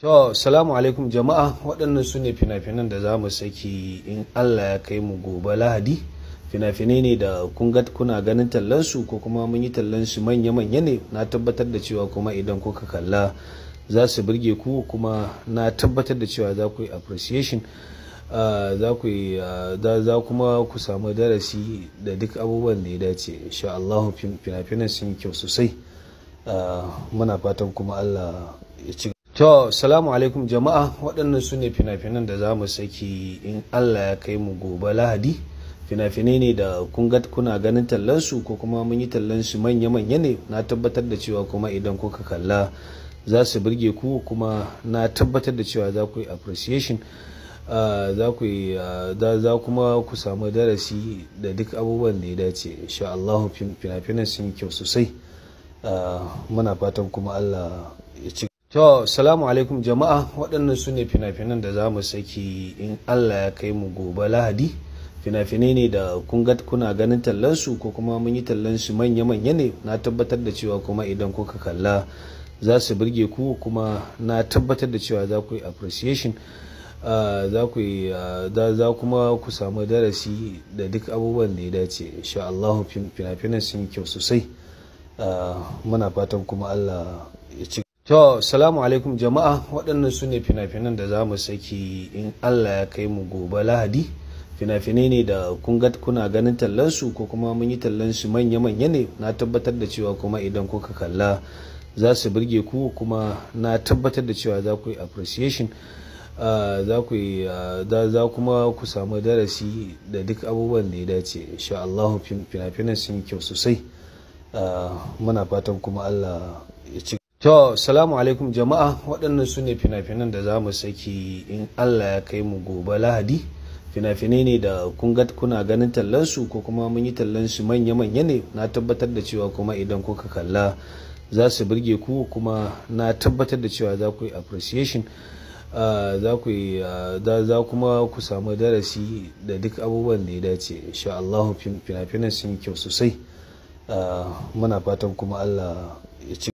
To, salamu alaikum jama'a waɗannan su ne fina-finan da za mu saki in Allah ya kai mu gobe lahadi. Fina-finai ne da kuna ganin tallansu ko kuma mun yi tallansu manya-manya ne na tabbatar da cewa kuma idan kuka kalla za su birge ku kuma na tabbatar da cewa za ku yi appreciation ah, za ku yi ah, kuma ku samu darasi da duk abubuwan da ya dace insha Allah fina-finan sun yi kyau sosai ah, muna fatan kuma Allah ya ci To, salamu alaikum jama'a waɗannan su ne fina-finan da za mu saki in Allah ya kai mu gobe lahadi. Fina-finai ne da kuna ganin tallansu ko kuma mun yi tallansu manya-manya ne na tabbatar da cewa kuma idan kuka kalla za su birge ku kuma na tabbatar da cewa za ku yi appreciation za ku za kuma ku samu darasi da duk abubuwan da ya dace insha Allah fina-finan sun yi kyau sosai muna fatan kuma Allah ya ci To, salamu alaikum jama'a waɗannan su ne fina-finan da za mu saki in Allah ya kai mu gobe lahadi. Fina-finai ne da kuna ganin tallansu ko kuma mun yi tallansu manya-manya ne na tabbatar da cewa kuma idan kuka kalla za su birge ku kuma na tabbatar da cewa za ku yi appreciation ah, za ku yi ah, kuma ku samu darasi da duk abubuwan da ya dace insha fina-finan sun kyau sosai ah, muna fatan kuma Allah ya ci To, salamu alaikum jama'a waɗannan su ne fina-finan da za mu saki in Allah ya kai mu gobe lahadi. Fina-finai ne da kun kuna ganin tallansu ko kuma mun yi tallansu manya-manya ne na tabbatar da cewa kuma idan kuka kalla za su birge ku kuma na tabbatar da cewa za ku yi appreciation ah, za ku ah, za kuma ku samu darasi da duk abubuwan da ya dace insha Allah fina-finan sun yi kyau sosai ah, muna fatan kuma Allah ya ci To, salamu alaikum jama'a waɗannan su ne fina-finan da za mu saki in Allah ya kai mu gobe lahadi. Fina-finai ne da kuna ganin tallansu ko kuma mun yi tallansu manya-manya ne na tabbatar da cewa kuma idan kuka kalla za su birge ku kuma na tabbatar da cewa za ku yi appreciation ah, za ku yi ah, kuma ku samu darasi da duk abubuwan da ya dace insha fina-finan sun kyau sosai ah, muna fatan kuma Allah ya ci